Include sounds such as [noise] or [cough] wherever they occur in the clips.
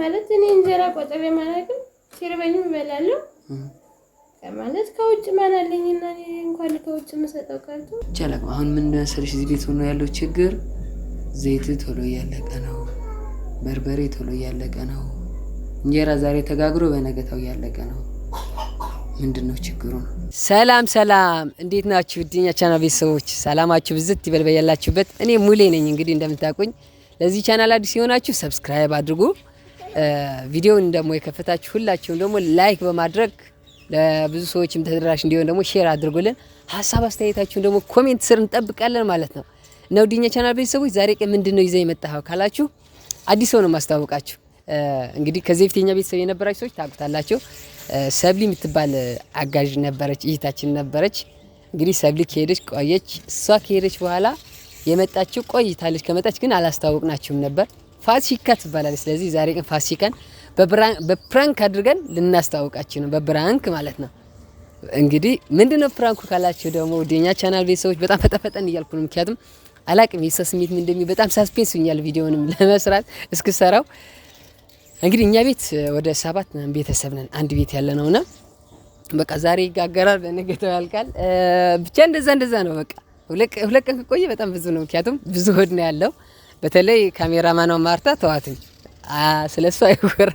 ማለት እኔ እንጀራ ቆጥሬ ማለትም ሲርበኝም እበላለሁ ማለት ከውጭ ማን አለኝና እንኳን ከውጭ የምሰጠው ቀርቶ ይቻላል። አሁን ምን መሰለሽ እዚህ ቤት ሆኖ ያለው ችግር ዘይት ቶሎ እያለቀ ነው፣ በርበሬ ቶሎ እያለቀ ነው፣ እንጀራ ዛሬ ተጋግሮ በነገታው እያለቀ ነው። ምንድን ነው ችግሩ? ሰላም ሰላም፣ እንዴት ናችሁ? እድኛ ቻናል ቤተሰቦች ሰላማችሁ ብዝት ይበል እኔ ሙሌ ነኝ። እንግዲህ እንደምታውቁኝ ለዚህ ቻናል አዲስ የሆናችሁ ሰብስክራይብ አድርጉ። ቪዲዮውን ደግሞ የከፈታችሁ ሁላችሁም ደግሞ ላይክ በማድረግ ለብዙ ሰዎችም ተደራሽ እንዲሆን ደግሞ ሼር አድርጉልን። ሀሳብ አስተያየታችሁን ደግሞ ኮሜንት ስር እንጠብቃለን ማለት ነው። እና ውድኛ ቻናል ቤተሰቦች ዛሬ ቀን ምንድን ነው ይዘህ የመጣኸው ካላችሁ አዲስ ሰው ነው ማስታወቃችሁ። እንግዲህ ከዚህ በፊት የኛ ቤተሰብ የነበራችሁ ሰዎች ታውቁታላችሁ። ሰብሊ የምትባል አጋዥ ነበረች፣ እህታችን ነበረች። እንግዲህ ሰብሊ ከሄደች ቆየች። እሷ ከሄደች በኋላ የመጣችው ቆይታለች። ከመጣች ግን አላስተዋወቅናችሁም ነበር። ፋሲካ ትባላለች። ስለዚህ ዛሬ ግን ፋሲካን በፕራንክ አድርገን ልናስተዋውቃችሁ ነው። በፕራንክ ማለት ነው። እንግዲህ ምንድነው ፕራንኩ ካላችሁ ደግሞ ወደኛ ቻናል ቤተሰቦች በጣም ፈጠፈጠን እያልኩ ነው። ምክንያቱም አላቅም የሰው ስሜት ምን እንደሚ በጣም ሳስፔንስ ኛል ቪዲዮንም ለመስራት እስክሰራው እንግዲህ እኛ ቤት ወደ ሰባት ቤተሰብ ነን አንድ ቤት ያለ ነውና በቃ ዛሬ ይጋገራል፣ በነገተው ያልቃል። ብቻ እንደዛ እንደዛ ነው በቃ ሁለት ቀን ከቆየ በጣም ብዙ ነው። ምክንያቱም ብዙ ሆድ ነው ያለው። በተለይ ካሜራማኗ ማርታ ተዋትኝ፣ ስለሱ አይወር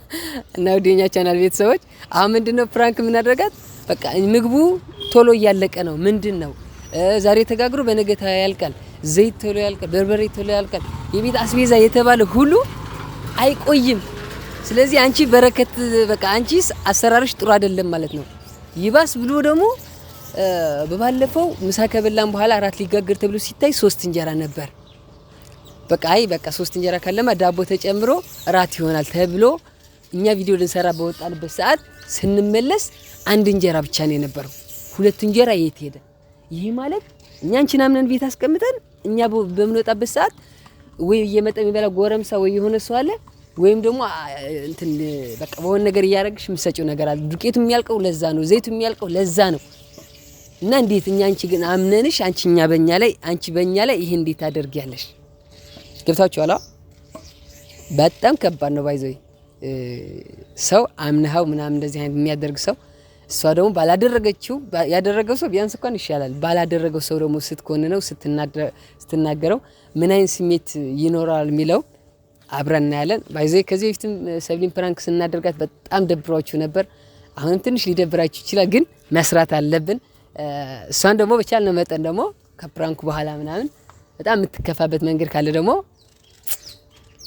[laughs] እና ወደኛ ቻናል ቤተሰቦች አሁን ምንድን ነው ፕራንክ የምናደርጋት በቃ ምግቡ ቶሎ እያለቀ ነው። ምንድን ነው ዛሬ ተጋግሮ በነገታ ያልቃል። ዘይት ቶሎ ያልቃል፣ በርበሬ ቶሎ ያልቃል። የቤት አስቤዛ የተባለ ሁሉ አይቆይም። ስለዚህ አንቺ በረከት በቃ አንቺስ አሰራርሽ ጥሩ አይደለም ማለት ነው። ይባስ ብሎ ደግሞ በባለፈው ምሳ ከበላን በኋላ አራት ሊጋግር ተብሎ ሲታይ ሶስት እንጀራ ነበር። በቃ አይ በቃ ሶስት እንጀራ ካለማ ዳቦ ተጨምሮ እራት ይሆናል ተብሎ እኛ ቪዲዮ ልንሰራ በወጣንበት ሰዓት ስንመለስ አንድ እንጀራ ብቻ ነው የነበረው። ሁለት እንጀራ የት ሄደ? ይህ ማለት እኛ አንቺን አምነን ቤት አስቀምጠን እኛ በምንወጣበት ሰዓት ወይ እየመጣ የሚበላ ጎረምሳ ወይ የሆነ ሰው አለ ወይም ደግሞ እንትን በቃ በሆነ ነገር እያደረግሽ የምትሰጪው ነገር አለ። ዱቄቱ የሚያልቀው ለዛ ነው። ዘይቱ የሚያልቀው ለዛ ነው። እና እንዴት እኛ አንቺ ግን አምነንሽ አንቺ እኛ በእኛ ላይ አንቺ በእኛ ላይ ይሄ እንዴት አደርጊያለሽ? ገብታችኋል? በጣም ከባድ ነው። ባይዘይ ሰው አምነሃው ምናምን እንደዚህ አይነት የሚያደርግ ሰው እሷ ደግሞ ባላደረገችው ያደረገው ሰው ቢያንስ እንኳን ይሻላል። ባላደረገው ሰው ደግሞ ስትኮንነው ስትናገረው ምን አይነት ስሜት ይኖራል የሚለው አብረን እናያለን። ባይዘይ ከዚህ በፊትም ሰብሊን ፕራንክ ስናደርጋት በጣም ደብሯችሁ ነበር። አሁንም ትንሽ ሊደብራችሁ ይችላል፣ ግን መስራት አለብን። እሷን ደግሞ በቻልነ መጠን ደግሞ ከፕራንኩ በኋላ ምናምን በጣም የምትከፋበት መንገድ ካለ ደግሞ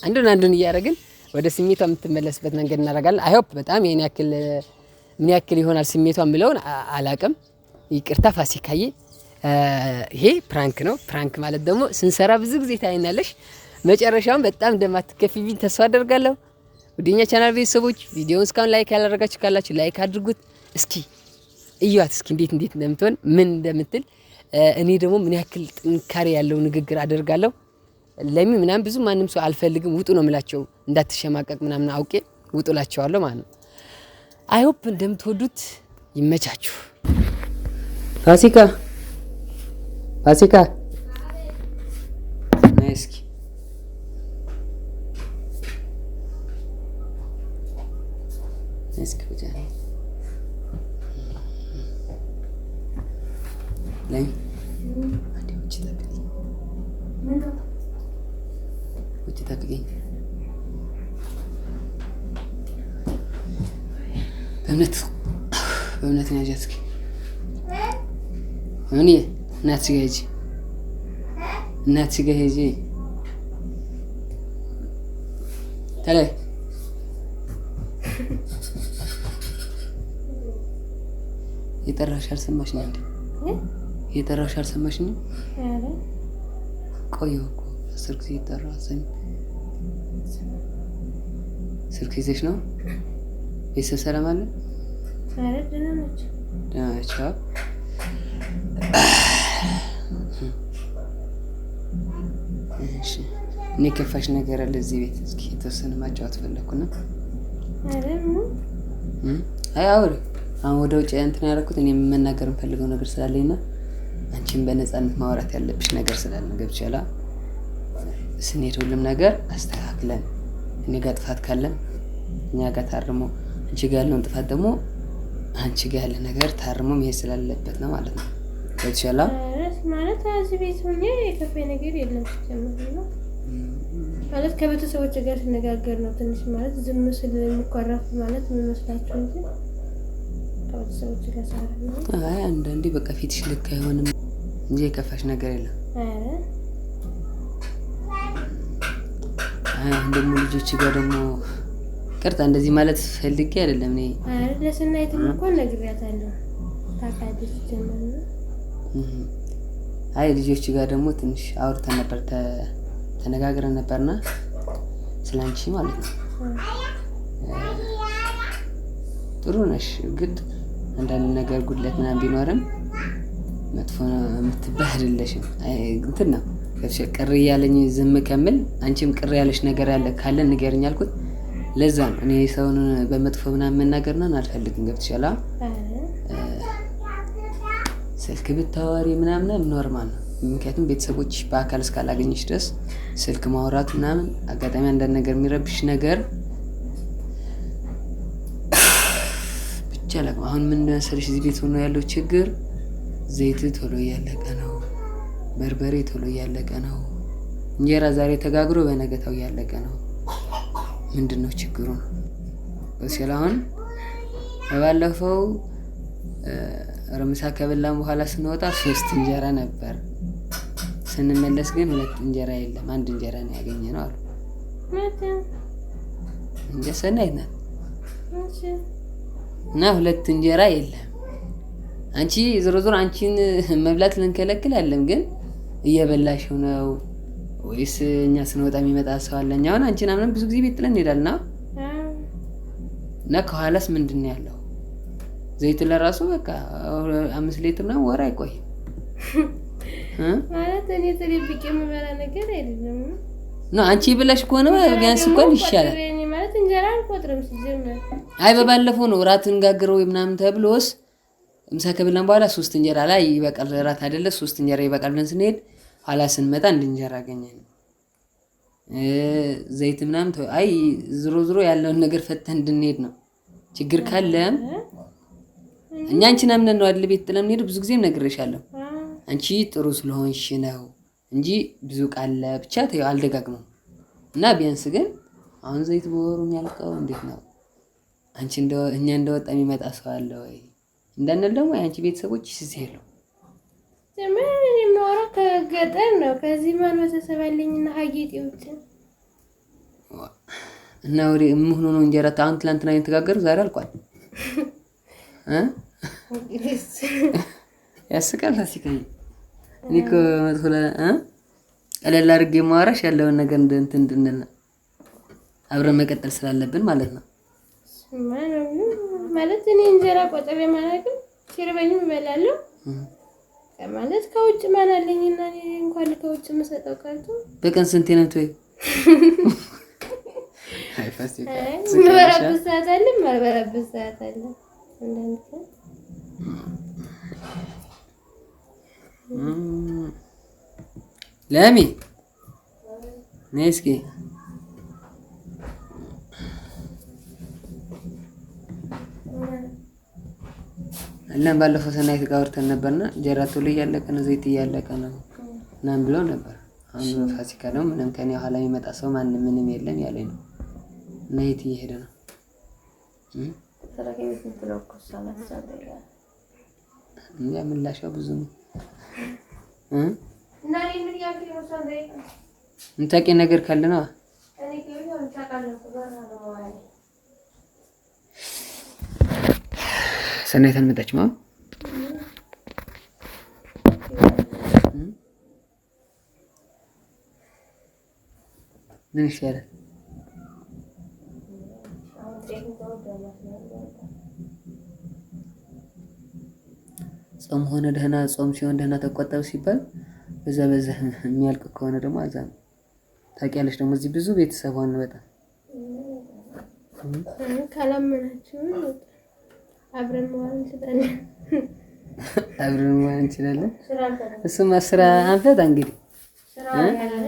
አንዱን አንዱን እያደረግን ወደ ስሜቷ የምትመለስበት መንገድ እናደርጋለን። አይሆፕ በጣም ይህን ያክል ምን ያክል ይሆናል ስሜቷ የምለውን አላቅም። ይቅርታ ፋሲካዬ፣ ይሄ ፕራንክ ነው። ፕራንክ ማለት ደግሞ ስንሰራ ብዙ ጊዜ ታይናለሽ። መጨረሻውን በጣም እንደማትከፊብኝ ተስፋ አደርጋለሁ። ውድኛ ቻናል ቤተሰቦች ቪዲዮውን እስካሁን ላይክ ያላደረጋችሁ ካላችሁ ላይክ አድርጉት እስኪ እዩዋት እስኪ እንዴት እንዴት እንደምትሆን ምን እንደምትል እኔ ደግሞ ምን ያክል ጥንካሬ ያለው ንግግር አደርጋለሁ። ለሚ ምናምን ብዙ ማንም ሰው አልፈልግም፣ ውጡ ነው የምላቸው። እንዳትሸማቀቅ ምናምን አውቄ ውጡ ላቸዋለሁ ማለት ነው። አይሆፕ እንደምትወዱት ይመቻችሁ። ፋሲካ ፋሲካ Ne? Hadi ucu da bileyim. Ucu da bileyim. በእምነት በእምነት ነው ያጃዝክ እኔ እናትሽ ጋር ሂጂ፣ እናትሽ ጋር ሂጂ። ተለይ የጠራሽ አልሰማሽ ነው እንዴ? የጠራሽ አልሰማሽም? ቆየሁ እኮ አስር ጊዜ የጠራ ሰሚ ስልክ ይዘሽ ነው? ቤተሰብ ሰላም አለ? ደህና ናቸው። እኔ ከፋሽ ነገር አለ እዚህ ቤት እስኪ የተወሰነ ማጫወት ፈለግኩና አይ አውሪ። አሁን ወደ ውጭ እንትን ያደረኩት እኔ መናገር የምፈልገው ነገር ስላለኝና አንቺን በነፃነት ማውራት ያለብሽ ነገር ስላለ ገብቻላ ስንሄድ ሁሉም ነገር አስተካክለን እኔ ጋር ጥፋት ካለም እኛ ጋር ታርሞ አንቺ ጋር ያለውን ጥፋት ደግሞ አንቺ ጋር ያለ ነገር ታርሞ መሄድ ስላለበት ነው ማለት ነው። ገብቻላ ማለት እዚህ ቤት ሆኜ የከፋ ነገር የለም ነው ማለት ከቤተሰቦች ጋር ስነጋገር ነው ትንሽ ማለት ዝም ስል የሚኮረፍ ማለት ምን መስላችሁ እንጂ ከቤተሰቦች ጋር ሳረ አንዳንዴ በቃ ፊትሽ ልክ አይሆንም። እንጂ የከፋሽ ነገር የለም። ደግሞ ልጆች ጋር ደግሞ ቅርታ እንደዚህ ማለት ፈልጌ አይደለም። እኔ ለስናይትም እኮ ነግሬያታለሁ። አይ ልጆች ጋር ደግሞ ትንሽ አውርተን ነበር፣ ተነጋግረን ነበርና ስላንቺ ማለት ነው። ጥሩ ነሽ፣ ግድ አንዳንድ ነገር ጉድለት ምናምን ቢኖርም መጥፎ የምትባህልለሽም እንትን ነው ቅር እያለኝ ዝም ከምል አንቺም ቅር ያለሽ ነገር ያለ ካለ ንገርኝ አልኩት። ለዛ ነው እኔ ሰውን በመጥፎ ምናምን መናገር ነን አልፈልግም። ገብትሻል? ስልክ ብታወሪ ምናምን ኖርማል ነው። ምክንያቱም ቤተሰቦች በአካል እስካላገኘች ድረስ ስልክ ማውራት ምናምን አጋጣሚ አንዳንድ ነገር የሚረብሽ ነገር ብቻ። አሁን ምን መሰለሽ እዚህ ቤት ሆኖ ያለው ችግር ዘይት ቶሎ እያለቀ ነው። በርበሬ ቶሎ እያለቀ ነው። እንጀራ ዛሬ ተጋግሮ በነገታው እያለቀ ነው። ምንድን ነው ችግሩ? ሲል አሁን በባለፈው ርምሳ ከበላን በኋላ ስንወጣ ሶስት እንጀራ ነበር። ስንመለስ ግን ሁለት እንጀራ የለም፣ አንድ እንጀራ ነው ያገኘ ነው አሉ። እንጀሰናይት ናት እና ሁለት እንጀራ የለም አንቺ ዞሮ ዞሮ አንቺን መብላት ልንከለክል አለም፣ ግን እየበላሽው ነው ወይስ እኛ ስንወጣ የሚመጣ ሰው አለ? እኛ አሁን አንቺን አምነን ብዙ ጊዜ ቤት ጥለን እንሄዳልና እና ከኋላስ ምንድን ነው ያለው? ዘይት ለራሱ በቃ አምስት ሌትር ነው ወር አይቆይም [laughs] ማለት እኔ ተደብቄ የምበላ ነገር አይደለም ነው አንቺ ብላሽ ከሆነ ቢያንስ እንኳን ይሻላል። ማለት እንጀራ አልቆጥርም። ሲጀምር። አይ በባለፈው ነው እራት እንጋግረው ምናምን ተብሎስ ምሳ ከበላን በኋላ ሶስት እንጀራ ላይ ይበቃል፣ እራት አይደለ ሶስት እንጀራ ይበቃል ብለን ስንሄድ ኋላ ስንመጣ አንድ እንጀራ አገኘን። ዘይት ምናምን አይ ዝሮ ዝሮ ያለውን ነገር ፈተን እንድንሄድ ነው። ችግር ካለ እኛ አንቺን አምነን ነው አይደል ቤት ጥለን እንሄድ። ብዙ ጊዜም ነግሬሻለሁ አንቺ ጥሩ ስለሆንሽ ነው እንጂ ብዙ ቃለ ብቻ አልደጋግመው እና ቢያንስ ግን አሁን ዘይት በወሩ የሚያልቀው እንዴት ነው? አንቺ እኛ እንደወጣ የሚመጣ ሰው አለ ወይ? እንዳንል ደግሞ የአንቺ ቤተሰቦች ይስዝ ያለው ምን የማወራው ከገጠር ነው። ከዚህ ማን መተሰብ ያለኝና ሀጌጤዎች እና ወደ ምሆኖ ነው እንጀራ አሁን ትላንትና የተጋገሩ ዛሬ አልቋል። [laughs] [laughs] ያስቀል ታሲቀኝ እኔ ከመጥፎ ቀለል አድርጌ ማዋራሽ ያለውን ነገር እንትን እንድንል አብረን መቀጠል ስላለብን ማለት ነው። ማለት እኔ እንጀራ ቆጥሬ ማለቅም ሲርበኝም እበላለሁ ማለት ከውጭ ማናለኝ እና እንኳን ከውጭ የምሰጠው ቀርቶ በቀን ስንት [laughs] ነው? ቶይ ምበላበት ሰዓት አለ፣ ማልበላበት ሰዓት አለ። ለሚ ነስኪ እናም ባለፈው ሰናይ ጋር አውርተን ነበርና ጀራቶ ላይ እያለቀ ነው፣ ዘይት እያለቀ ነው ምናምን ብለው ነበር። አሁን ፋሲካ ነው፣ ምንም ከኔ ኋላ የሚመጣ ሰው ማንም ምንም የለም ያለ ነው እና የት እየሄደ ነው? እንጃ ምላሻው ብዙ ነው። ምታውቂ ነገር ካለ ነው መጣች አልመጣችም። ምን ይሻላል? ጾም ሆነ ደህና ጾም ሲሆን ደህና ተቆጠብ ሲባል በዛ በዛ የሚያልቅ ከሆነ ደግሞ አዛ ነው። ታውቂያለሽ ደግሞ እዚህ ብዙ ቤተሰብ ሆነ በጣም አብረን መዋል እንችላለን። አብረን መዋል እንችላለን። እሱማ ስራ አንፈታ እንግዲህ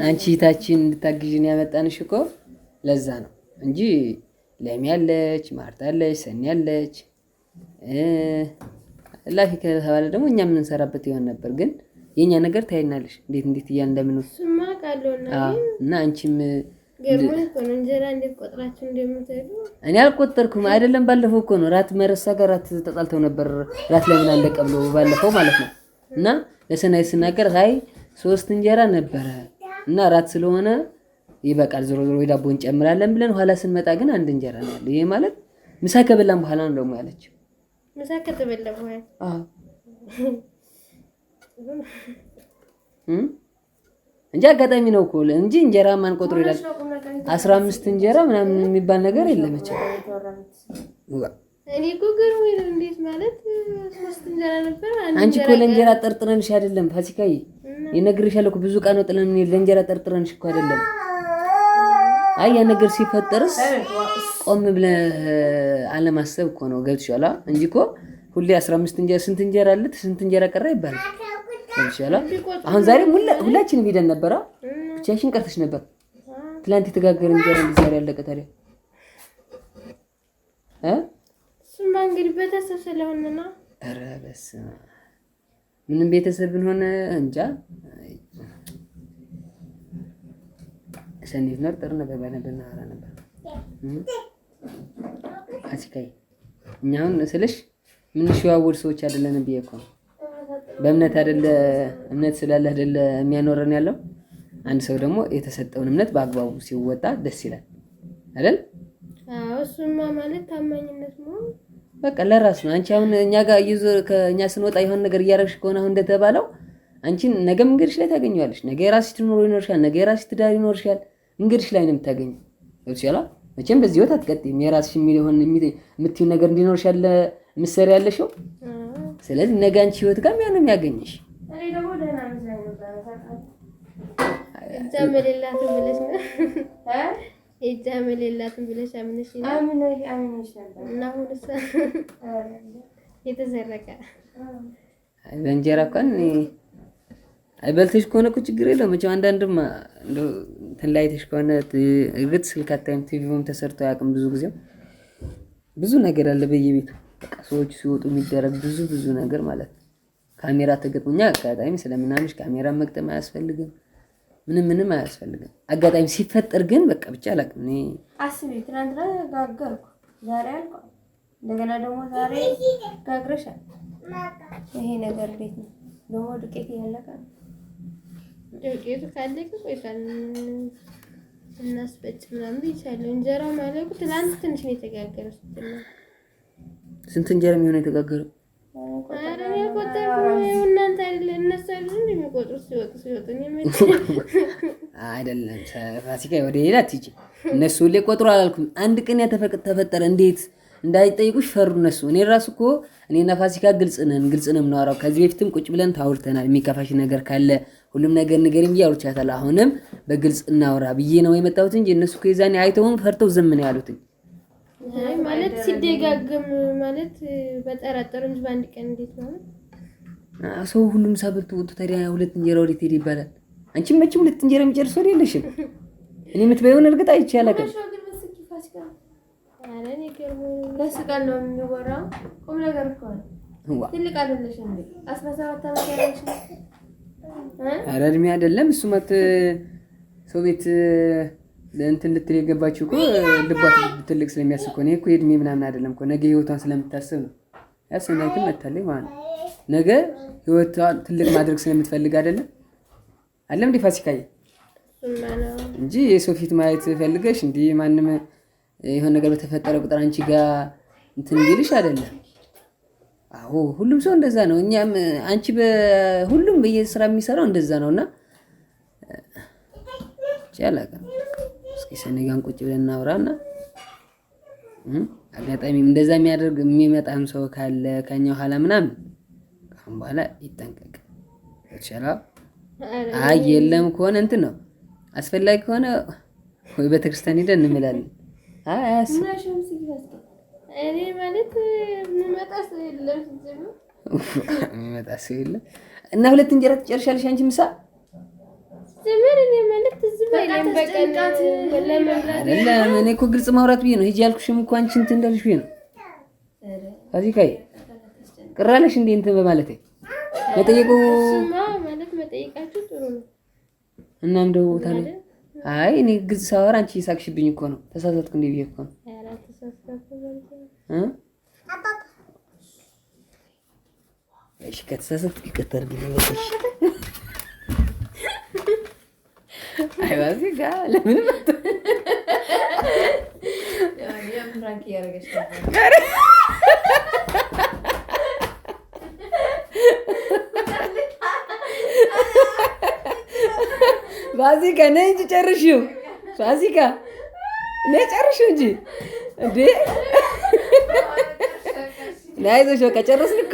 አንቺ እህታችን እንድታግዥን ያመጣንሽ እኮ ለዛ ነው እንጂ ለሚ ያለች ማርታ ያለች ሰኒ ያለች ላፊ ከተባለ ደግሞ እኛ የምንሰራበት ይሆን ነበር። ግን የእኛ ነገር ታይናለሽ፣ እንዴት እንዴት እያል እንደምንወስ እና አንቺም እኔ አልቆጠርኩም አይደለም። ባለፈው እኮ ነው ራት መረሳ ጋር ራት ተጣልተው ነበር። ራት ለምን አለቀ ብሎ ባለፈው ማለት ነው። እና ለሰናይ ስናገር ሀይ ሶስት እንጀራ ነበረ እና ራት ስለሆነ ይበቃል፣ ዞሮ ዞሮ ዳቦ እንጨምራለን ብለን ኋላ ስንመጣ ግን አንድ እንጀራ ነው ያለው። ይሄ ማለት ምሳ ከበላን በኋላ ነው ደግሞ ያለችው። ምሳ ከተበላ በኋላ አዎ እንጂ አጋጣሚ ነው እኮ እንጂ እንጀራ ማን ቆጥሮ ይላል። አስራ አምስት እንጀራ ምናምን የሚባል ነገር የለም። መቼም እኔ እኮ ገርሞኝ እንዴት ማለት ሶስት እንጀራ ነበር። አንቺ እኮ ለእንጀራ ጠርጥረንሽ አይደለም ፋሲካዬ፣ የነግርሻል እኮ ብዙ ቀን ጥለን ለእንጀራ ጠርጥረንሽ እኮ አይደለም። አይ ያ ነገር ሲፈጠርስ ቆም ብለህ አለማሰብ እኮ ነው። ገብቶሻል እንጂ እኮ ሁሌ አስራ አምስት እንጀራ ስንት እንጀራ አለት ስንት እንጀራ ቀራ ይባላል። ይሻላል። አሁን ዛሬ ሁላችንም ሄደን ነበረ። ብቻሽን ቀርተሽ ነበር። ትላንት የተጋገረ እንጀራ ዛሬ ያለቀ ታዲያ እ እሱማ እንግዲህ ቤተሰብ ስለሆነና ነው። ኧረ በስመ አብ ምንም ቤተሰብ ብንሆን እንጃ ሰኔት ነር ጥር ነበር ባይነበርና ነበር ነበር አሲካይ እኛ አሁን ስልሽ ምን ሸዋወድ ሰዎች አይደለንም ብዬ እኮ ነው በእምነት አደለ እምነት ስላለ አደለ የሚያኖረን ያለው። አንድ ሰው ደግሞ የተሰጠውን እምነት በአግባቡ ሲወጣ ደስ ይላል አይደል? እሱማ ማለት ታማኝነት ነው። በቃ ለራሱ ነው። አንቺ አሁን እኛ ጋር ከእኛ ስንወጣ የሆነ ነገር እያደረግሽ ከሆነ አሁን እንደተባለው አንቺን ነገ መንገድሽ ላይ ታገኘዋለሽ። ነገ የራስሽ ትኖር ይኖርሻል። ነገ የራስሽ ትዳር ይኖርሻል። መንገድሽ ላይ ነው የምታገኝ ይችላል መቼም በዚህ ህይወት አትቀጥም። የራስሽ የሚሆን የምትይው ነገር እንዲኖርሻለ ምሰሪ ያለሽው ስለዚህ ነገ አንቺ ህይወት ጋር ያን የሚያገኝሽ በእንጀራ እንኳን አይበልተሽ ከሆነ እኮ ችግር የለውም። መቼም አንዳንድማ እንትን ላይተሽ ከሆነ እርግጥ ስልክ አታይም፣ ቲቪውም ተሰርቶ አያውቅም። ብዙ ጊዜም ብዙ ነገር አለ በየቤቱ በቃ ሰዎች ሲወጡ የሚደረግ ብዙ ብዙ ነገር ማለት ነው። ካሜራ ተገጥሞኛ አጋጣሚ ስለምናምሽ ካሜራ መቅጠም አያስፈልግም። ምንም ምንም አያስፈልግም። አጋጣሚ ሲፈጠር ግን በቃ ብቻ አላውቅም። እኔ አስቢ ትናንትና ጋገርኩ ዛሬ አልኩ እንደገና ደግሞ ዛሬ ጋግረሻል። ይሄ ነገር ቤት ነው ደግሞ? ዱቄት እያለቀ ነው። ዱቄቱ ካለቀ ቆይቷል። እናስበጭ ምናምን ይቻለሁ። እንጀራ ማለቁ ትናንት ትንሽ ነው የተጋገረ ስትል ስንት እንጀራ የሚሆነ የተጋገረው? አይደለም ፋሲካ ወደ ሌላ ትጂ እነሱ ሁሌ ቆጥሮ አላልኩም። አንድ ቀን ተፈጠረ እንዴት እንዳይጠይቁሽ ፈሩ እነሱ። እኔ ራሱ እኮ እኔና ፋሲካ ግልጽ ነን፣ ግልጽ ነው የምናወራው። ከዚህ በፊትም ቁጭ ብለን ታውርተናል። የሚከፋሽ ነገር ካለ ሁሉም ነገር ንገሪኝ ብዬ አውርቻታል። አሁንም በግልጽ እናውራ ብዬ ነው የመጣሁት እንጂ እነሱ ከዛኔ አይተውም ፈርተው ዝም ነው ያሉትኝ። ማለት ሲደጋገም ማለት በጠራጠር እንጂ በአንድ ቀን እንዴት ማለት ሰው ሁሉም ሳብርት ወጥቶ ታዲያ ሁለት እንጀራ ወዴት ሄድ ይባላል። አንቺም መቼም ሁለት እንጀራ የሚጨርስ ወደ የለሽም። እኔ የምትበይውን እርግጥ አይቼ አላውቅም። በስቃል ነው የሚወራው። ኧረ እድሜ አይደለም እሱማት ሰው ቤት እንትን ልትል የገባችው እኮ ልቧ ትልቅ ስለሚያስብ እኮ እኔ እኮ የእድሜ ምናምን አይደለም እኮ ነገ ህይወቷን ስለምታስብ ነው። ያሰናይትን መታለች ማለት ነው። ነገ ህይወቷን ትልቅ ማድረግ ስለምትፈልግ አይደለም አለም እንዲ ፋሲካዬ እንጂ የሰው ፊት ማየት ፈልገሽ እንዲ ማንም የሆነ ነገር በተፈጠረ ቁጥር አንቺ ጋር እንትን እንዲልሽ አይደለም። አዎ ሁሉም ሰው እንደዛ ነው። እኛም አንቺ በሁሉም በየስራ የሚሰራው እንደዛ ነው እና ጭ የሰነጋን ቁጭ ብለን እናውራና አጋጣሚ እንደዛ የሚያደርግ የሚመጣም ሰው ካለ ከኛ ኋላ ምናምን ካሁን በኋላ ይጠንቀቅ ይችላል። አይ የለም ከሆነ እንትን ነው አስፈላጊ ከሆነ ወይ ቤተክርስቲያን ሄደን እንምላለን። ሰው የሚመጣ ሰው የለም እና ሁለት እንጀራ ትጨርሻለሽ አንቺ ምሳ እኔ እኮ ግልጽ ማውራት ብዬ ነው ሂጂ ያልኩሽም እኮ አንቺ እንትን እንዳልሽ ብዬ ነው። ከዚህ ከይ ቅር አለሽ እንደ እንትን በማለት መጠየቁ እና እንደው ታዲያ አይ እኔ ግልጽ ሳወራ አንቺ ሳቅሽብኝ እኮ ነው ተሳሳትኩ እንደ ብዬሽ እኮ ነው ከተሳሳትኩ ይቅርታ አድርጊልኝ በቃ አይዋ እዚህ ጋ ለምን ፋሲካ ነይ እንጂ ጨርሺው። ፋሲካ ነይ ጨርሺው እንጂ እንዴ! አይዞሽ በቃ ጨርስን እኮ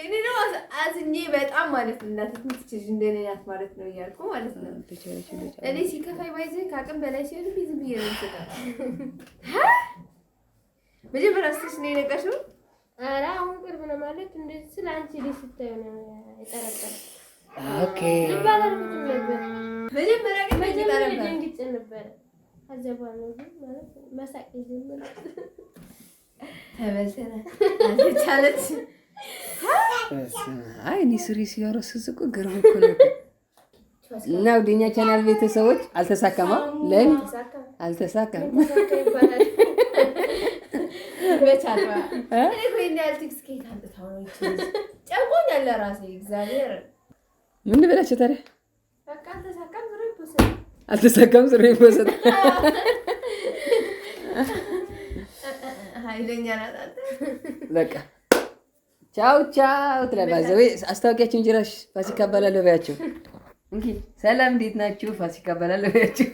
እኔ ደግሞ አዝኜ በጣም ማለት ነው እናቴ ትንሽ እንደኔ ናት ማለት ነው እያልኩ ማለት ነው። እኔ ሲከፋይ ባይዘ ከአቅም በላይ ሲሆን ቢዝ ብዬ ነው ስጠ መጀመሪያ ስትሽ ነው የነቀሽ ኧረ አሁን ቅርብ ነው ማለት እንደዚህ ስለ አንቺ ልጅ ስታዩ ነው የጠረጠረ መጀመሪያ ግን ነበረ። ከዛ በኋላ ግን ማለት መሳቅ ጀመረ። አይ እኔ ስሪ ሲያረስስ እኮ ግርም እኮ ነው። እና ወደኛ ቻናል ቤተሰቦች አልተሳካማ፣ ለምን አልተሳካም? ምን በላቸው ታዲያ አልተሳካም። ስሪ ይወሰድ በቃ ቻው ቻው ትላለህ። ወይ አስታወቂያችሁን ጭራሽ ፋሲካ እባላለሁ በያቸው። እንኪ ሰላም፣ እንዴት ናችሁ? ፋሲካ እባላለሁ በያቸው።